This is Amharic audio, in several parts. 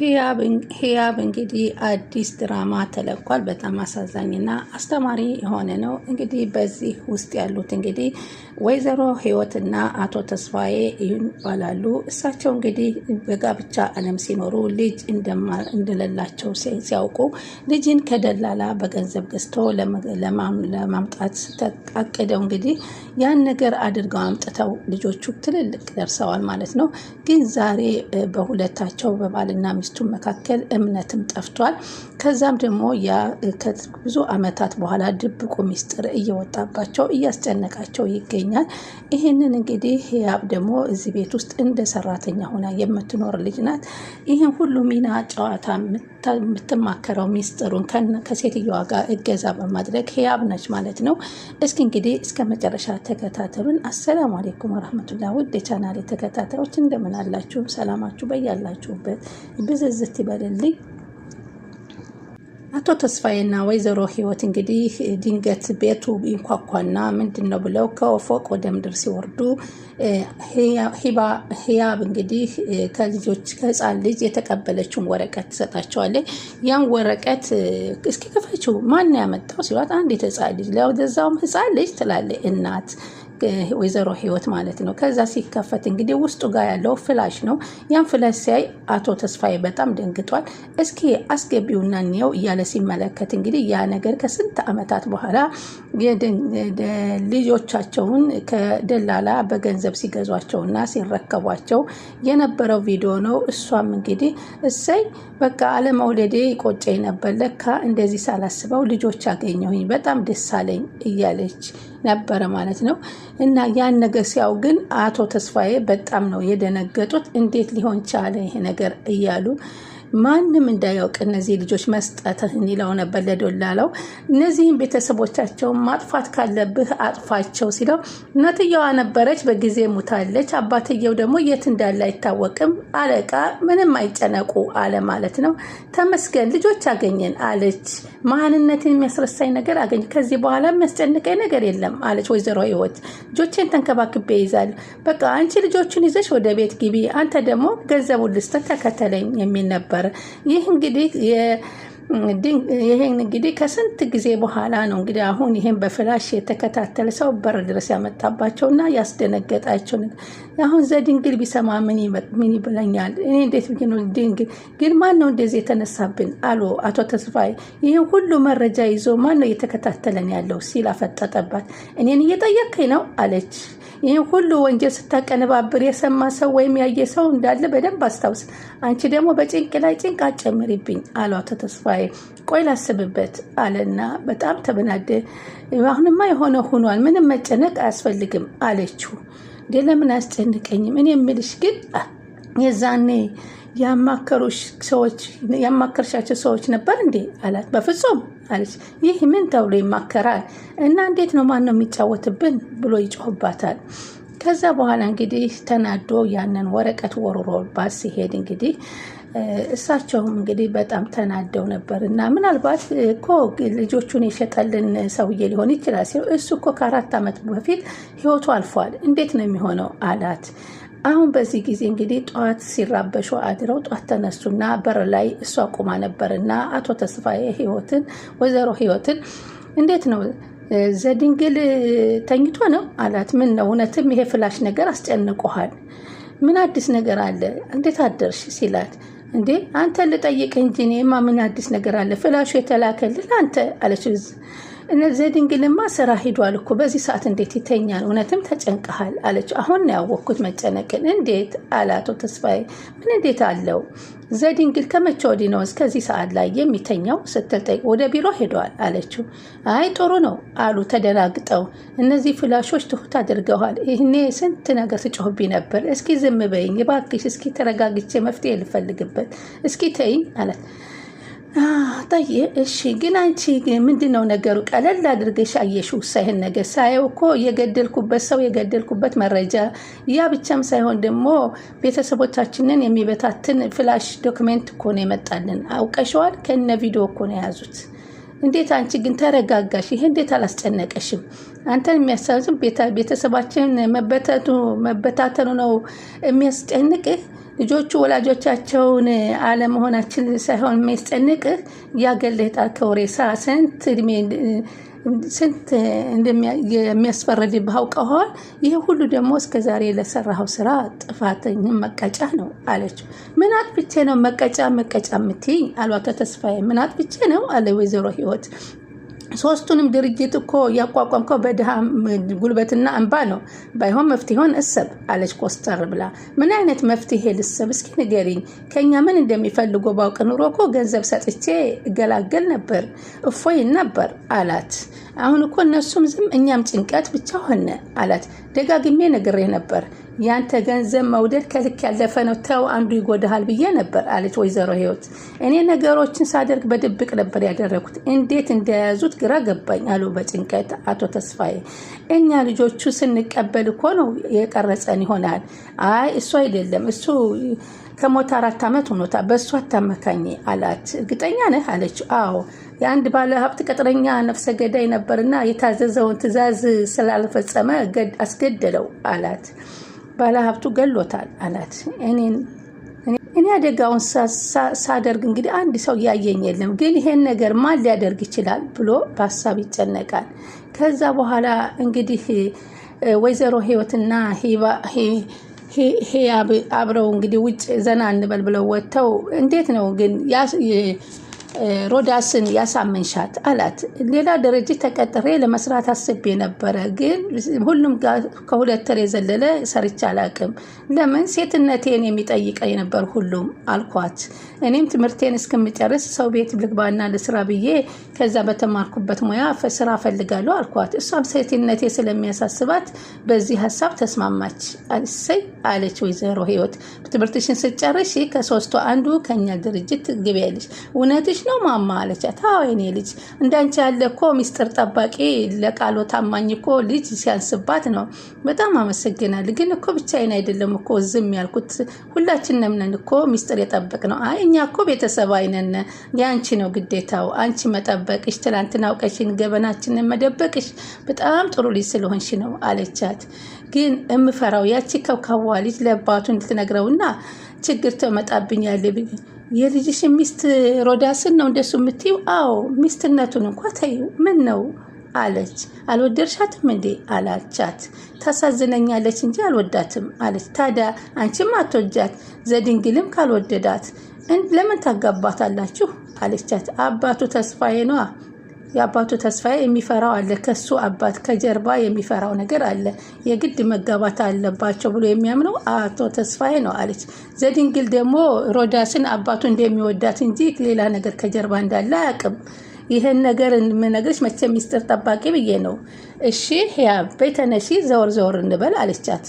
ህያብ እንግዲህ አዲስ ድራማ ተለቋል። በጣም አሳዛኝና አስተማሪ የሆነ ነው። እንግዲህ በዚህ ውስጥ ያሉት እንግዲህ ወይዘሮ ህይወትና አቶ ተስፋዬ ይባላሉ። እሳቸው እንግዲህ በጋብቻ ዓለም ሲኖሩ ልጅ እንደሌላቸው ሲያውቁ ልጅን ከደላላ በገንዘብ ገዝቶ ለማምጣት ተቃቅደው እንግዲህ ያን ነገር አድርገው አምጥተው ልጆቹ ትልልቅ ደርሰዋል ማለት ነው። ግን ዛሬ በሁለታቸው በባልና በመንግስቱም መካከል እምነትም ጠፍቷል። ከዛም ደግሞ ያ ከብዙ በኋላ ድብቁ ሚስጥር እየወጣባቸው እያስጨነቃቸው ይገኛል። ይህንን እንግዲህ ያብ ደግሞ እዚህ ቤት ውስጥ እንደ ሰራተኛ ሆና የምትኖር ልጅ ናት። ይህን ሁሉ ሚና ጨዋታ የምትማከረው ሚስጥሩን ከሴትዮዋ ጋር እገዛ በማድረግ ህያብ ነች ማለት ነው። እስኪ እንግዲህ እስከ መጨረሻ ተከታተሉን። አሰላሙ አሌይኩም ወረህመቱላ ውድ የቻናሌ ተከታታዮች እንደምን አላችሁም? ሰላማችሁ በያላችሁበት ብዝዝት ይበልልኝ። አቶ ተስፋዬና ወይዘሮ ህይወት እንግዲህ ድንገት ቤቱ ይንኳኳና ምንድን ነው ብለው ከፎቅ ወደ ምድር ሲወርዱ ህያብ እንግዲህ ከልጆች ከህፃን ልጅ የተቀበለችውን ወረቀት ትሰጣቸዋለች። ያን ወረቀት እስኪ ክፈችው ማን ያመጣው ሲሏት አንድ የተፃ ልጅ ለዛውም ህፃን ልጅ ትላለች እናት ወይዘሮ ህይወት ማለት ነው። ከዛ ሲከፈት እንግዲህ ውስጡ ጋር ያለው ፍላሽ ነው። ያን ፍላሽ ሲያይ አቶ ተስፋዬ በጣም ደንግጧል። እስኪ አስገቢውና እንየው እያለ ሲመለከት እንግዲህ ያ ነገር ከስንት ዓመታት በኋላ ልጆቻቸውን ከደላላ በገንዘብ ሲገዟቸውና ሲረከቧቸው የነበረው ቪዲዮ ነው። እሷም እንግዲህ እሰይ በቃ አለመውለዴ ይቆጨኝ ነበር ለካ እንደዚህ ሳላስበው ልጆች አገኘሁኝ በጣም ደስ አለኝ እያለች ነበረ ማለት ነው። እና ያን ነገር ሲያው ግን አቶ ተስፋዬ በጣም ነው የደነገጡት። እንዴት ሊሆን ቻለ ይሄ ነገር እያሉ ማንም እንዳያውቅ እነዚህ ልጆች መስጠትህን ይለው ነበር ለዶላለው። እነዚህም ቤተሰቦቻቸውን ማጥፋት ካለብህ አጥፋቸው ሲለው እናትየዋ ነበረች፣ በጊዜ ሙታለች። አባትየው ደግሞ የት እንዳለ አይታወቅም። አለቃ ምንም አይጨነቁ አለ ማለት ነው። ተመስገን ልጆች አገኘን አለች። ማንነትን የሚያስረሳኝ ነገር አገኘ። ከዚህ በኋላ የሚያስጨንቀኝ ነገር የለም አለች ወይዘሮ ህይወት። ልጆቼን ተንከባክቤ ይዛል። በቃ አንቺ ልጆቹን ይዘሽ ወደ ቤት ግቢ፣ አንተ ደግሞ ገንዘቡን ልስጠን ተከተለኝ የሚል ነበር። ነበረ። ይህ እንግዲህ ይሄን እንግዲህ ከስንት ጊዜ በኋላ ነው እንግዲህ አሁን ይሄን በፍላሽ የተከታተለ ሰው በር ድረስ ያመጣባቸውና ያስደነገጣቸው። አሁን ዘድንግል ቢሰማ ምን ይብለኛል? እኔ እንዴት ድንግል ግን ማን ነው እንደዚህ የተነሳብን? አሉ አቶ ተስፋዬ። ይህ ሁሉ መረጃ ይዞ ማን ነው እየተከታተለን ያለው ሲል አፈጠጠባት። እኔን እየጠየከኝ ነው አለች። ይህ ሁሉ ወንጀል ስታቀነባብር የሰማ ሰው ወይም ያየ ሰው እንዳለ በደንብ አስታውስ። አንቺ ደግሞ በጭንቅ ላይ ጭንቅ አጨምሪብኝ አቶ ተስፋዬ። ቆይ ላስብበት አለና በጣም ተበናደ። አሁንማ የሆነ ሆኗል፣ ምንም መጨነቅ አያስፈልግም አለችው። እንዴ ለምን አያስጨንቀኝም? እኔ የምልሽ ግን የዛኔ ያማከሩሽ ሰዎች ያማከርሻቸው ሰዎች ነበር እንዴ አላት። በፍጹም አለች። ይህ ምን ተብሎ ይማከራል እና እንዴት ነው ማን ነው የሚጫወትብን ብሎ ይጮህባታል። ከዛ በኋላ እንግዲህ ተናዶ ያንን ወረቀት ወርሮባት ሲሄድ እንግዲህ እሳቸውም እንግዲህ በጣም ተናደው ነበር እና ምናልባት እኮ ልጆቹን የሸጠልን ሰውዬ ሊሆን ይችላል ሲሉ እሱ እኮ ከአራት ዓመት በፊት ህይወቱ አልፏል፣ እንዴት ነው የሚሆነው አላት። አሁን በዚህ ጊዜ እንግዲህ ጠዋት ሲራበሹ አድረው ጠዋት ተነሱና በር ላይ እሷ ቁማ ነበርና አቶ ተስፋዬ ህይወትን ወይዘሮ ህይወትን እንዴት ነው ዘድንግል ተኝቶ ነው አላት። ምን ነው እውነትም ይሄ ፍላሽ ነገር አስጨንቆሃል? ምን አዲስ ነገር አለ? እንዴት አደርሽ ሲላት እንዴ አንተ ልጠይቅ እንጂ እኔማ ምን አዲስ ነገር አለ? ፍላሹ የተላከልህ አንተ አለች። እነዚህ ድንግልማ ስራ ሂዷል እኮ በዚህ ሰዓት እንዴት ይተኛል? እውነትም ተጨንቀሃል አለች። አሁን ነው ያወቅኩት መጨነቅን። እንዴት አላቶ ተስፋዬ። ምን እንዴት አለው ዘድንግል ከመቼ ወዲህ ነው እስከዚህ ሰዓት ላይ የሚተኛው ስትል ጠይቅ ወደ ቢሮ ሄደዋል አለችው። አይ ጥሩ ነው አሉ ተደናግጠው። እነዚህ ፍላሾች ትሁት አድርገዋል። ይህኔ ስንት ነገር ስጮህብኝ ነበር። እስኪ ዝም በይኝ እባክሽ፣ እስኪ ተረጋግቼ መፍትሄ ልፈልግበት፣ እስኪ ተይኝ አላት። ጠይ እሺ፣ ግን አንቺ ምንድን ነው ነገሩ? ቀለል አድርገሽ አየሽው ውሳይህን ነገር ሳየው እኮ የገደልኩበት ሰው የገደልኩበት መረጃ፣ ያ ብቻም ሳይሆን ደግሞ ቤተሰቦቻችንን የሚበታትን ፍላሽ ዶክሜንት እኮ ነው የመጣልን። አውቀሸዋል። ከነ ቪዲዮ እኮ ነው የያዙት። እንዴት አንቺ ግን ተረጋጋሽ? ይሄ እንዴት አላስጨነቀሽም? አንተን የሚያሳዝን ቤተሰባችን መበታተኑ ነው የሚያስጨንቅህ ልጆቹ ወላጆቻቸውን አለመሆናችን ሳይሆን የሚያስጨንቅህ ያገለህ የጣልከው ሬሳ ስንት እድሜ ስንት የሚያስፈረድብህ አውቀኸዋል። ይህ ሁሉ ደግሞ እስከ ዛሬ ለሰራኸው ስራ ጥፋተኝም መቀጫ ነው አለችው። ምን አጥፍቼ ነው መቀጫ መቀጫ የምትይኝ? አሏት ተስፋዬ። ምን አጥፍቼ ነው አለ ወይዘሮ ህይወት ሶስቱንም ድርጅት እኮ ያቋቋምከው በድሃ ጉልበትና እንባ ነው። ባይሆን መፍትሄውን እሰብ አለች ኮስተር ብላ። ምን አይነት መፍትሄ ልሰብ እስኪ ንገሪኝ። ከእኛ ምን እንደሚፈልጉ ባውቅ ኑሮ እኮ ገንዘብ ሰጥቼ እገላገል ነበር፣ እፎይን ነበር አላት። አሁን እኮ እነሱም ዝም እኛም ጭንቀት ብቻ ሆነ አላት። ደጋግሜ ነግሬ ነበር ያንተ ገንዘብ መውደድ ከልክ ያለፈ ነው፣ ተው አንዱ ይጎዳሃል ብዬ ነበር አለች ወይዘሮ ህይወት። እኔ ነገሮችን ሳደርግ በድብቅ ነበር ያደረኩት፣ እንዴት እንደያዙት ግራ ገባኝ አሉ በጭንቀት አቶ ተስፋዬ። እኛ ልጆቹ ስንቀበል እኮ ነው የቀረጸን ይሆናል። አይ እሱ አይደለም እሱ ከሞት አራት ዓመት ሆኖታ በእሱ አታመካኝ አላት። እርግጠኛ ነህ አለችው። አዎ የአንድ ባለሀብት ቅጥረኛ ነፍሰ ገዳይ ነበርና የታዘዘውን ትዕዛዝ ስላልፈጸመ አስገደለው አላት። ሀብቱ ገሎታል አላት። እኔ አደጋውን ሳደርግ እንግዲህ አንድ ሰው ያየኝ የለም፣ ግን ይሄን ነገር ማን ሊያደርግ ይችላል ብሎ በሀሳብ ይጨነቃል። ከዛ በኋላ እንግዲህ ወይዘሮ ህይወትና ሄ አብረው እንግዲህ ውጭ ዘና እንበል ብለው ወጥተው እንዴት ነው ግን ሮዳስን ያሳመንሻት አላት። ሌላ ድርጅት ተቀጥሬ ለመስራት አስቤ ነበረ፣ ግን ሁሉም ከሁለት ወር የዘለለ ሰርቼ አላቅም። ለምን ሴትነቴን የሚጠይቀኝ ነበር ሁሉም አልኳት። እኔም ትምህርቴን እስከምጨርስ ሰው ቤት ልግባና ልስራ ብዬ ከዛ በተማርኩበት ሙያ ስራ እፈልጋለሁ አልኳት። እሷም ሴትነቴ ስለሚያሳስባት በዚህ ሀሳብ ተስማማች። እሰይ አለች ወይዘሮ ህይወት። ትምህርትሽን ስጨርሽ ከሶስቱ አንዱ ከኛ ድርጅት ግቢያለሽ እውነትሽ ልጅ ነው ማማ አለቻት። አዎ የኔ ልጅ እንዳንቺ ያለ እኮ ሚስጥር ጠባቂ ለቃሎ ታማኝ እኮ ልጅ ሲያንስባት ነው። በጣም አመሰግናል። ግን እኮ ብቻዬን አይደለም እኮ ዝም ያልኩት ሁላችንም ነን እኮ ሚስጥር የጠበቅ ነው። አይ እኛ እኮ ቤተሰብ አይነነ የአንቺ ነው ግዴታው፣ አንቺ መጠበቅሽ፣ ትናንትና አውቀሽን ገበናችንን መደበቅሽ በጣም ጥሩ ልጅ ስለሆንሽ ነው አለቻት። ግን እምፈራው ያቺ ከብካዋ ልጅ ለአባቱ እንድትነግረውና ችግር ተመጣብኛለ የልጅሽ ሚስት ሮዳስን ነው እንደሱ የምትይው? አዎ ሚስትነቱን እንኳ ተይው። ምን ነው አለች። አልወደድሻትም እንዴ አላቻት። ታሳዝነኛለች እንጂ አልወዳትም አለች። ታዲያ አንቺም አትወጃት፣ ዘድንግልም ካልወደዳት ለምን ታጋባታላችሁ? አለቻት። አባቱ ተስፋዬ ነዋ የአባቱ ተስፋ የሚፈራው አለ። ከሱ አባት ከጀርባ የሚፈራው ነገር አለ። የግድ መጋባት አለባቸው ብሎ የሚያምነው አቶ ተስፋዬ ነው አለች። ዘድንግል ደግሞ ሮዳስን አባቱ እንደሚወዳት እንጂ ሌላ ነገር ከጀርባ እንዳለ አያውቅም። ይህን ነገር የምነግርሽ መቼ ሚስጥር ጠባቂ ብዬ ነው። እሺ ያ ቤተነሺ ዘወር ዘወር እንበል አለቻት።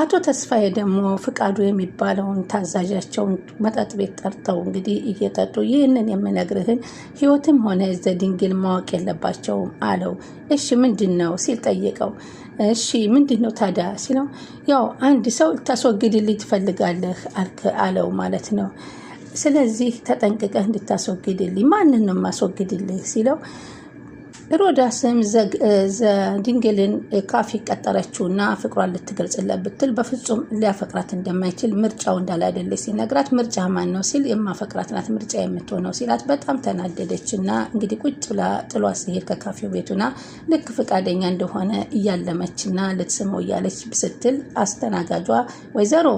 አቶ ተስፋዬ ደግሞ ፍቃዱ የሚባለውን ታዛዣቸውን መጠጥ ቤት ጠርተው እንግዲህ እየጠጡ ይህንን የምነግርህን ህይወትም ሆነ ዘድንግል ማወቅ የለባቸውም አለው። እሺ ምንድን ነው ሲል ጠየቀው። እሺ ምንድን ነው ታዲያ ሲለው፣ ያው አንድ ሰው ልታስወግድልኝ ትፈልጋለህ አለው ማለት ነው። ስለዚህ ተጠንቅቀህ እንድታስወግድልኝ። ማንን ነው የማስወግድልህ ሲለው ሮዳስም ድንግልን ካፌ ቀጠረችውና ፍቅሯን ልትገልጽለት ብትል በፍጹም ሊያፈቅራት እንደማይችል ምርጫው እንዳለ ሲነግራት፣ ምርጫ ማን ነው ሲል የማፈቅራት ናት ምርጫ የምትሆነው ሲላት በጣም ተናደደች እና እንግዲህ ቁጭ ብላ ጥሏ ሲሄድ ከካፌው ቤቱና ልክ ፍቃደኛ እንደሆነ እያለመችና ልትስመው እያለች ስትል አስተናጋጇ ወይዘሮ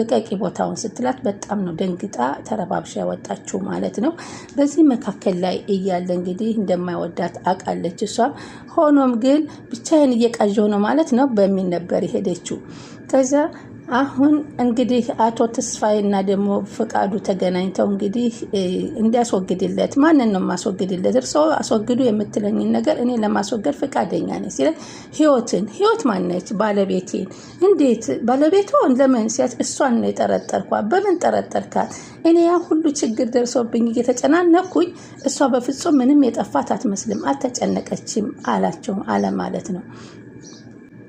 ልቀቂ ቦታውን ስትላት በጣም ነው ደንግጣ ተረባብሻ ያወጣችው ማለት ነው። በዚህ መካከል ላይ እያለ እንግዲህ እንደማይወዳት አቃ ታውቃለች እሷም። ሆኖም ግን ብቻዬን እየቃዥ ሆኖ ማለት ነው በሚል ነበር የሄደችው ከዛ አሁን እንግዲህ አቶ ተስፋዬ እና ደግሞ ፍቃዱ ተገናኝተው እንግዲህ እንዲያስወግድለት ማንን ነው የማስወግድለት? እርስዎ አስወግዱ የምትለኝን ነገር እኔ ለማስወገድ ፈቃደኛ ነኝ ሲለ ህይወትን ህይወት ማነች? ባለቤቴን እንዴት ባለቤቷን ለምን ሲያት እሷን ነው የጠረጠርኳ። በምን ጠረጠርካት? እኔ ያ ሁሉ ችግር ደርሶብኝ እየተጨናነኩኝ እሷ በፍጹም ምንም የጠፋት አትመስልም፣ አልተጨነቀችም አላቸው አለ ማለት ነው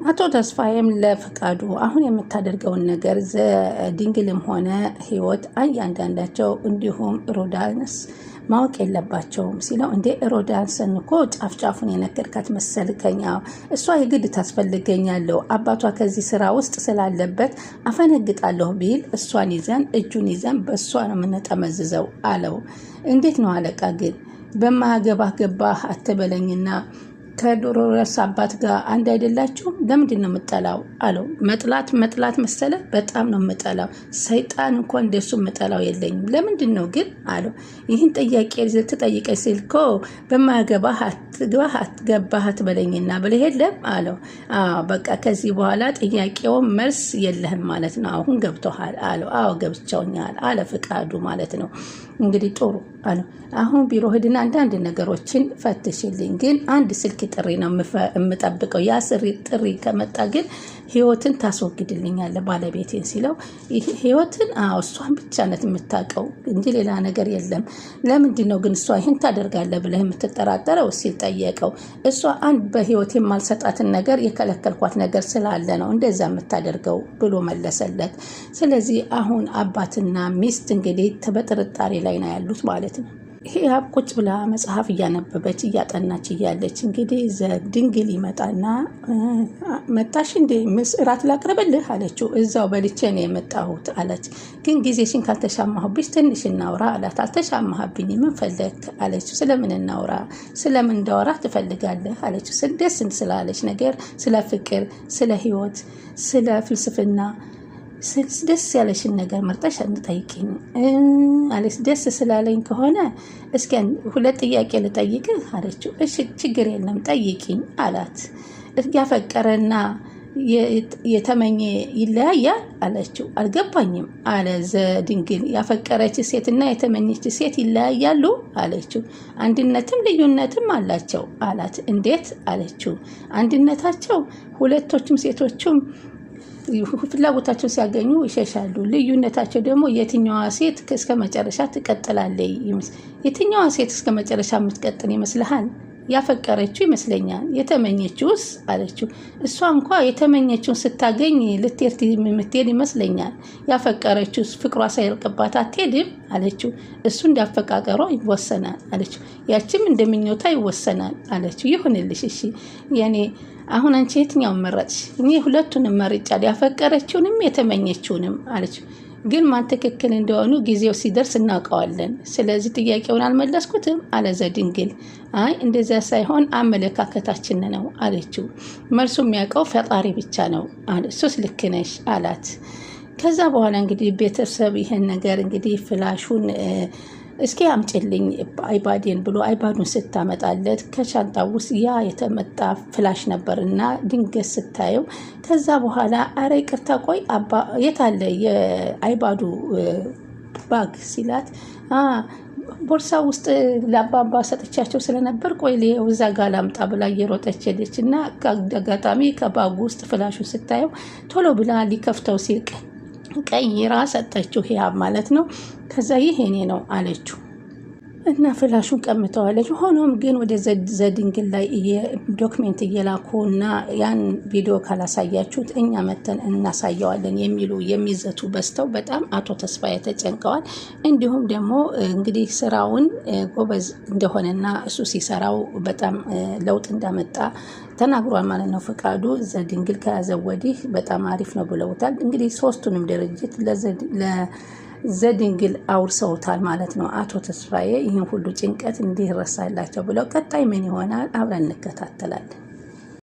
አቶ ተስፋዬም ለፍቃዱ አሁን የምታደርገውን ነገር ድንግልም ሆነ ህይወት እያንዳንዳቸው እንዲሁም ሮዳንስ ማወቅ የለባቸውም ሲለው፣ እንዴ ሮዳንስን እኮ ጫፍጫፉን የነገርካት መሰልከኛ እሷ የግድ ታስፈልገኛለሁ አባቷ ከዚህ ስራ ውስጥ ስላለበት አፈነግጣለሁ ቢል እሷን ይዘን እጁን ይዘን በእሷ ነው የምንጠመዝዘው አለው። እንዴት ነው አለቃ ግን በማያገባህ ገባህ አትበለኝና ከዶሮ ረስ አባት ጋር አንድ አይደላችሁ? ለምንድን ነው የምጠላው አለው። መጥላት መጥላት መሰለ በጣም ነው የምጠላው። ሰይጣን እንኳን እንደሱ የምጠላው የለኝም። ለምንድን ነው ግን አለው። ይህን ጥያቄ ትጠይቀኝ ሲል እኮ በማያገባህ አትግባህ አትገባህ አትበለኝና ብለህ የለም አለው። በቃ ከዚህ በኋላ ጥያቄው መልስ የለህም ማለት ነው። አሁን ገብቶሃል አለው። አዎ ገብቻውኛል አለ ፍቃዱ ማለት ነው። እንግዲህ ጥሩ አለ። አሁን ቢሮ ሂድና አንዳንድ ነገሮችን ፈትሽልኝ፣ ግን አንድ ስልክ ጥሪ ነው የምጠብቀው። ያ ስሪ ጥሪ ከመጣ ግን ህይወትን ታስወግድልኛለ ባለቤቴን ሲለው ህይወትን እሷን ብቻ ናት የምታውቀው እንጂ ሌላ ነገር የለም። ለምንድን ነው ግን እሷ ይህን ታደርጋለ ብለህ የምትጠራጠረው ሲል ጠየቀው። እሷ አንድ በህይወት የማልሰጣትን ነገር የከለከልኳት ነገር ስላለ ነው እንደዛ የምታደርገው ብሎ መለሰለት። ስለዚህ አሁን አባትና ሚስት እንግዲህ በጥርጣሬ ላይ ነው ያሉት ማለት ነው። ሂያብ ቁጭ ብላ መጽሐፍ እያነበበች እያጠናች እያለች እንግዲህ ድንግል ይመጣና መጣሽ እንዴ እራት ላቅርብልህ አለችው። እዛው በልቼ ነው የመጣሁት አለች። ግን ጊዜሽን ካልተሻማሁብሽ ትንሽ እናውራ አላት። አልተሻማሀብኝ ምን ፈለግ አለችው። ስለምን እናውራ ስለምን እንዳወራ ትፈልጋለህ አለችው። ደስ ስላለች ነገር፣ ስለ ፍቅር፣ ስለ ህይወት፣ ስለ ፍልስፍና ደስ ያለሽን ነገር መርጠሽ እንጠይቅኝ። አለች ደስ ስላለኝ ከሆነ እስኪ ሁለት ጥያቄ ልጠይቅ አለችው። እሺ ችግር የለም ጠይቂኝ አላት። ያፈቀረና የተመኘ ይለያያል አለችው። አልገባኝም አለ ዘድንግል። ያፈቀረች ሴትና የተመኘች ሴት ይለያያሉ አለችው። አንድነትም ልዩነትም አላቸው አላት። እንዴት አለችው። አንድነታቸው ሁለቶችም ሴቶቹም ፍላጎታቸው ሲያገኙ ይሸሻሉ። ልዩነታቸው ደግሞ የትኛዋ ሴት እስከ መጨረሻ ትቀጥላለች ይመስ የትኛዋ ሴት እስከ መጨረሻ የምትቀጥል ይመስልሃል? ያፈቀረችው ይመስለኛል። የተመኘችውስ አለችው። እሷ እንኳ የተመኘችውን ስታገኝ ልትርት የምትሄድ ይመስለኛል። ያፈቀረችው ፍቅሯ ሳይርቅባት አትሄድም አለችው። እሱ እንዳፈቃቀሯ ይወሰናል አለችው። ያችም እንደምኞታ ይወሰናል አለችው። ይሁንልሽ፣ እሺ የኔ አሁን አንቺ የትኛውን መረጥሽ? እኔ ሁለቱንም መርጫ ያፈቀረችውንም የተመኘችውንም አለችው። ግን ማን ትክክል እንደሆኑ ጊዜው ሲደርስ እናውቀዋለን። ስለዚህ ጥያቄውን አልመለስኩትም አለ ዘድንግል። አይ እንደዚያ ሳይሆን አመለካከታችን ነው አለችው። መልሱ የሚያውቀው ፈጣሪ ብቻ ነው አለ። እሱስ ልክ ነሽ አላት። ከዛ በኋላ እንግዲህ ቤተሰብ ይህን ነገር እንግዲህ ፍላሹን እስኪ አምጪልኝ አይባዴን ብሎ አይባዱን ስታመጣለት ከሻንጣ ውስጥ ያ የተመጣ ፍላሽ ነበር እና ድንገት ስታየው፣ ከዛ በኋላ አረ ይቅርታ ቆይ አባ የታለ የአይባዱ ባግ ሲላት ቦርሳ ውስጥ ለአባባ ሰጥቻቸው ስለነበር ቆይ እዛ ጋ ላምጣ ብላ እየሮጠች ሄደች እና አጋጣሚ ከባጉ ውስጥ ፍላሹ ስታየው ቶሎ ብላ ሊከፍተው ሲል ቀይራ ሰጠችው ሂያብ ማለት ነው። ከዛ ይህ እኔ ነው አለችው። እና ፍላሹን ቀምተዋለች። ሆኖም ግን ወደ ዘድንግል ላይ ዶክሜንት እየላኩ እና ያን ቪዲዮ ካላሳያችሁት እኛ መተን እናሳየዋለን የሚሉ የሚዘቱ በዝተው በጣም አቶ ተስፋዬ ተጨንቀዋል። እንዲሁም ደግሞ እንግዲህ ስራውን ጎበዝ እንደሆነና እሱ ሲሰራው በጣም ለውጥ እንዳመጣ ተናግሯል ማለት ነው። ፍቃዱ ዘድንግል ከያዘ ወዲህ በጣም አሪፍ ነው ብለውታል። እንግዲህ ሶስቱንም ድርጅት ዘድንግል አውርሰውታል ማለት ነው። አቶ ተስፋዬ ይህን ሁሉ ጭንቀት እንዲረሳላቸው ብለው ቀጣይ ምን ይሆናል አብረን እንከታተላለን።